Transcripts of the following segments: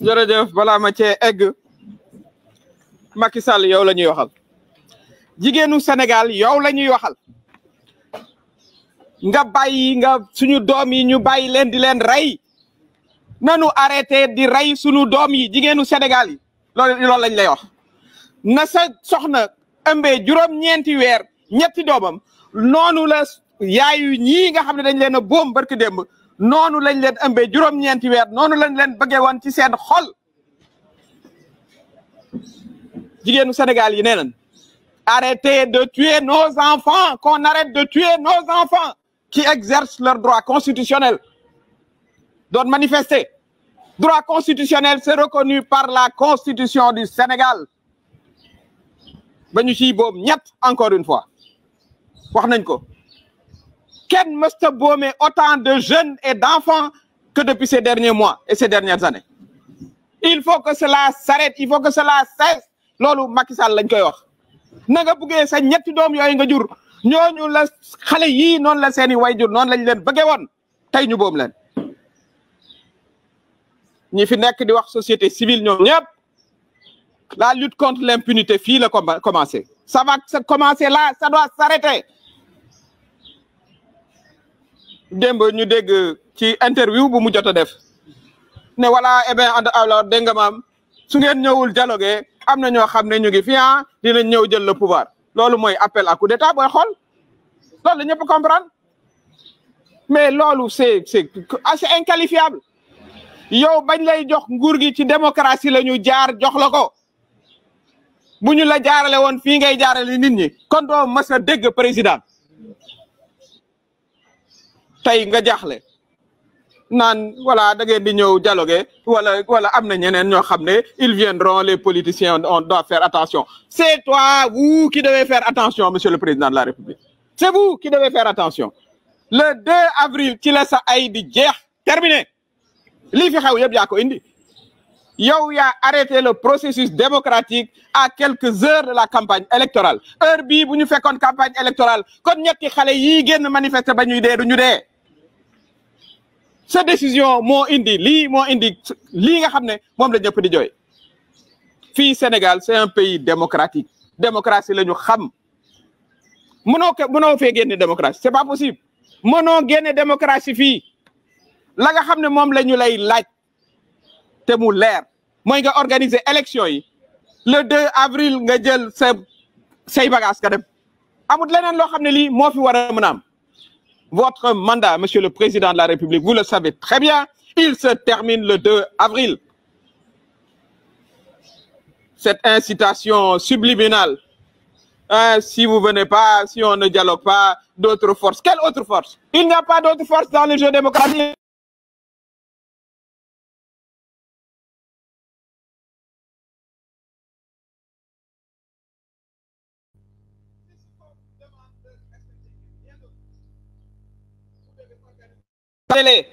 jërëjëf balaa ma egg Macky Sall yow la ñuy waxal jigéenu Sénégal yow la ñuy waxal nga bàyyi nga suñu doom yi ñu bàyyi leen di leen rey nanu arrêté di rey suñu doom yi jigéenu Sénégal yi loolu loolu lañ lay wax na soxna ambe juróom-ñeenti weer ñetti doomam noonu la yaayu ñii nga xam ne dañ leen a boom barki démb noonu lañ leen ëmbee juróom weer noonu lañ leen bëggee woon ci seen xol jigéenu Sénégal yi nee nañ arrêtez de tuer nos enfants qu'on arrête de tuer nos enfants qui exercent leur droit constitutionnel doon manifester droit constitutionnel c'est reconnu par la constitution du Sénégal ba ñu ciy boobu ñett encore une fois wax nañ ko Ken Musta Bome, autant de jeunes et d'enfants que depuis ces derniers mois et ces dernières années. Il faut que cela s'arrête, il faut que cela cesse. loolu Macky Sall lañ koy wax na nga bëggee sa ñetti doom yooyu nga jur ñooñu la xale yii noonu la seeni way jur noon lañ leen bëggee woon tey ñu boom leen ñi fi nekk di wax société civile ñoom ñëpp la lutte contre l'impunité fii la commencé ça va commencer la ça doit s'arrêter démb ñu dégg ci interview bu mu jot a def ne voilà eh bien alors dégg nga maam su ngeen ñëwul dialogué am na ñoo xam ne ñu ngi fi ah dinañ ñëw jël le pouvoir loolu mooy appel à coup d'état booy xool loolu la ñëpp comprendre mais loolu c'est c'est assez inqualifiable yow bañ lay jox nguur gi ci démocratie la ñu jaar jox la ko bu ñu la jaarale woon fii ngay jaarale nit ñi kon doo mas a dégg président tey nga jaaxle naan voilà da ngeen di ñëw wala am na ñeneen ñoo xam ne ils viendront les politiciens on doit faire attention c'est toi vous qui devez faire attention monsieur le président de la république c'est vous qui devez faire attention le avril ci la sa ay di jeex terminé li fi xew yëpp yaa ko indi yow yaa arrêté le processus démocratique à quelques heures de la campagne électorale heure bii bu ñu fekkoon campagne électorale kon ñetti xale yii sa décision moo indi lii moo indi lii nga xam ne moom la ñëpp di jooy fii Sénégal c'est un pays démocratique démocratie la ñu xam mënoo ko mënoo fee génne démocratie c'est pas possible mënoo génne démocratie fii la nga xam ne moom la ñu lay laaj te mu leer mooy nga organiser élection yi le 2 avril nga jël sa say bagage ka dem amut leneen loo xam ne lii moo fi war a mën a am Votre mandat, Monsieur le Président de la République, vous le savez très bien, il se termine le 2 avril. Cette incitation subliminale, hein, si vous venez pas, si on ne dialogue pas, d'autres forces. Quelle autre force Il n'y a pas d'autre force dans le jeu démocratique.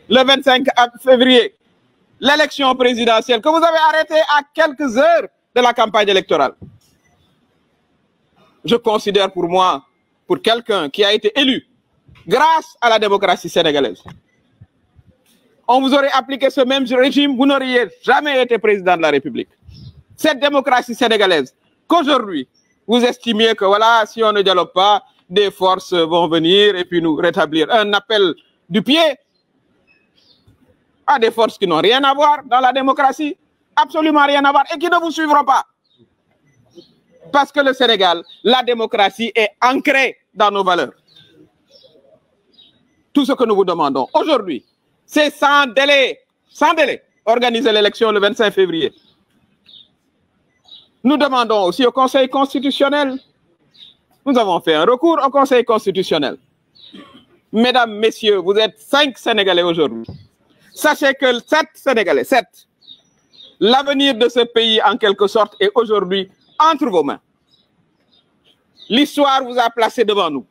le 25 février, l'élection présidentielle que vous avez arrêtée à quelques heures de la campagne électorale. Je considère pour moi, pour quelqu'un qui a été élu grâce à la démocratie sénégalaise, on vous aurait appliqué ce même régime, vous n'auriez jamais été président de la République. Cette démocratie sénégalaise, qu'aujourd'hui, vous estimiez que voilà, si on ne dialogue pas, des forces vont venir et puis nous rétablir. Un appel du pied à des forces qui n'ont rien la démocratie, absolument rien que le Sénégal, la démocratie est ancrée dans nos valeurs. Tout ce que nous vous demandons aujourd'hui, c'est organiser l'élection le 25 février. Nous demandons aussi au Conseil constitutionnel, nous avons fait un recours Mesdames, Messieurs, vous êtes cinq Sénégalais aujourd'hui. Sachez que sept Sénégalais, sept, l'avenir de ce pays, en quelque sorte, est aujourd'hui entre vos mains. L'histoire vous a placé devant nous.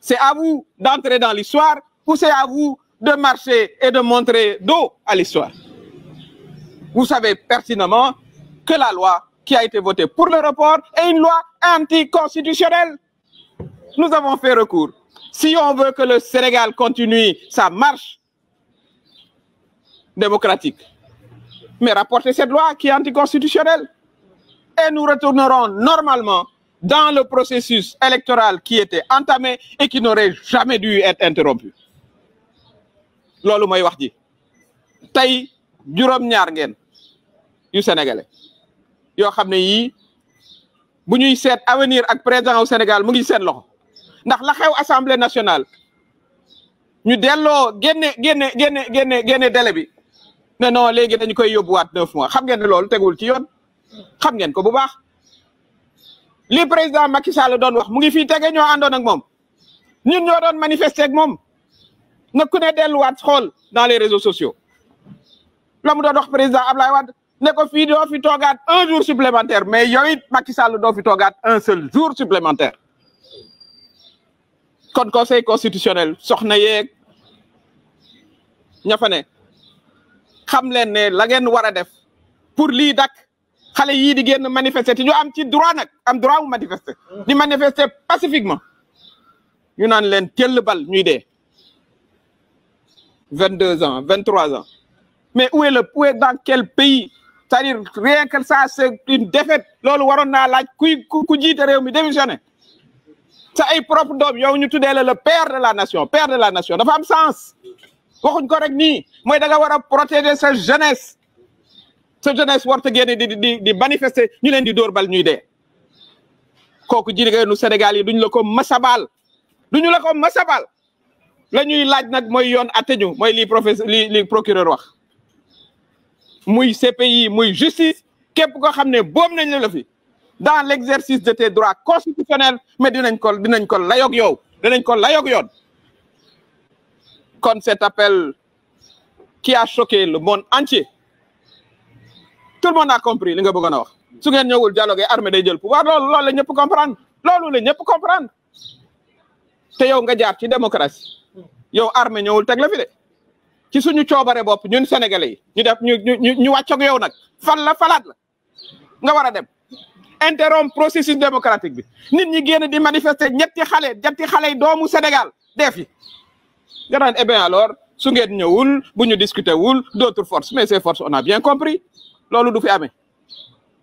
C'est à vous d'entrer dans l'histoire ou c'est à vous de marcher et de montrer dos à l'histoire. Vous savez pertinemment que la loi qui a été votée pour le report est une loi anticonstitutionnelle. Nous avons fait recours. Si on veut que le Sénégal continue sa marche démocratique, mais rapportez cette loi qui est anticonstitutionnelle. Et nous retournerons normalement dans le processus électoral qui était entamé et qui n'aurait jamais dû être interrompu. loolu mooy wax ji tey juróom-ñaar ngeen yu sénégalais yoo xam ne yii bu ñuy seet avenir ak président au Sénégal mu ngi seen loxo ndax la xew assemblée nationale ñu delloo génne génne génne génne génne délai bi ne non léegi dañ koy yóbbuwaat neuf mois xam ngeen ne loolu tegul ci yoon xam ngeen ko bu baax li président Macky Sall doon wax mu ngi fii tege ñoo àndoon ak moom ñun ñoo doon manifester ak moom na ku ne delluwaat xool dans les réseaux sociaux la mu doon wax président Ablaye Wade ne ko fii doo fi toogaat un jour supplémentaire mais yooyu Macky Sall doo fi toogaat un seul jour supplémentaire kon conseil constitutionnel soxna yeeg ñafane xam leen ne la ngeen war a def pour lii dak xale yii di génn manifester te ñu am ci droit nag am droit mu manifester. di manifester pacifiquement ñu naan leen tell bal ñuy de vingt deux ans vingt trois ans mais où est le où est dans quel pays c'est-à-dire que ça c'est une défaite loolu waroon naa laaj kuy ku jiite réew mi démissionné sa ay propre doom yow ñu tuddee la le père de la nation père de la nation dafa am sens waxuñ ko rek nii mooy da nga war a protéger sa jeunesse sa jeunesse war ta génne di di di ñu leen di dóor bal ñuy dee kooku jigéenu Sénégal yi duñ la ko masabaal duñu la ko masabaal la ñuy laaj nag mooy yoon atte ñu mooy li professeur li li procureur wax muy CPI muy justice képp koo xam ne boom nañ la fi dans l' exercice de tes droits constitutionnels mais dinañ ko dinañ ko layoog yow dinañ ko la layoog yoon kon cet appel ki a choqué le monde entier tout le monde a compris li nga bëggoon a wax su ngeen ñëwul dialogue armée day jël pouvoir loolu loolu la ñëpp comprendre loolu la ñëpp comprendre te yow nga jaar ci démocratie yow armée ñëwul teg la fi de ci suñu coobare bopp ñun sénégalais ñu def ñu ñu ñu wàccoog yow nag fan la falaat nga war a dem interrompre processus démocratique bi nit ñi génn di manifester ñetti xale ñetti xale doomu Sénégal def yi nga naan eh alors su ngeen ñëwul bu ñu discuter wul d'autres forces mais ces forces on a bien compris loolu du fi amee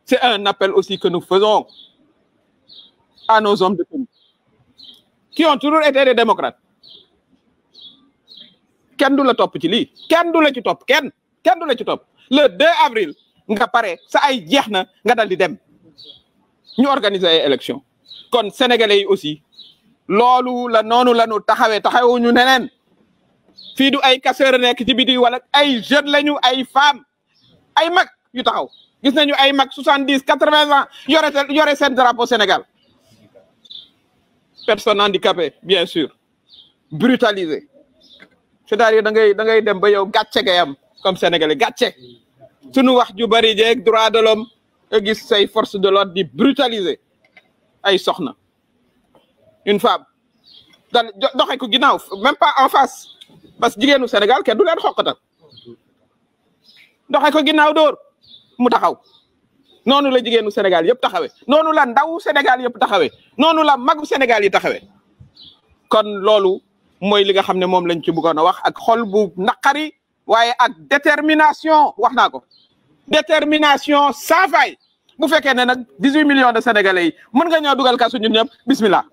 c'est un appel aussi que nous faisons à nos hommes de tenue qui ont toujours été des démocrates kenn du la topp ci li kenn du la ci topp kenn kenn du la ci topp le 2 avril nga pare sa ay jeex na nga dal di dem ñu organiser ay élection kon sénégalais yi aussi loolu la noonu la ñu taxawee ñu neneen fii du ay casseur nekk ci biti wala ay jeunes lañu ay femmes ay mag yu taxaw gis nañu ay mag soixante dix quatre vingt ans yore yore seen drapeau Sénégal personne handicapée bien sûr brutalisé c'est-à-dire da ngay da ngay dem ba yow gàcce ngay am comme sénégalais gàcce sunu wax ju bari jeeg droit de l'homme nga gis say force de l'ordre di brutaliser ay soxna une femme dal doxe ko ginnaaw même pas en face parce que jigéenu Sénégal kenn du leen xoqatal doxe ko ginnaaw dóor mu taxaw noonu la jigéenu Sénégal yëpp taxawe noonu la ndaw Sénégal yëpp taxawee noonu la magu Sénégal yi taxawee kon loolu mooy li nga xam ne moom lañ ci bëggoon a wax ak xol bu naqari waaye ak détermination wax naa ko détermination sans bu fekkee ne nag dix huit millions de sénégalais yi mën nga ñoo dugal kasu ñun ñëpp bismillah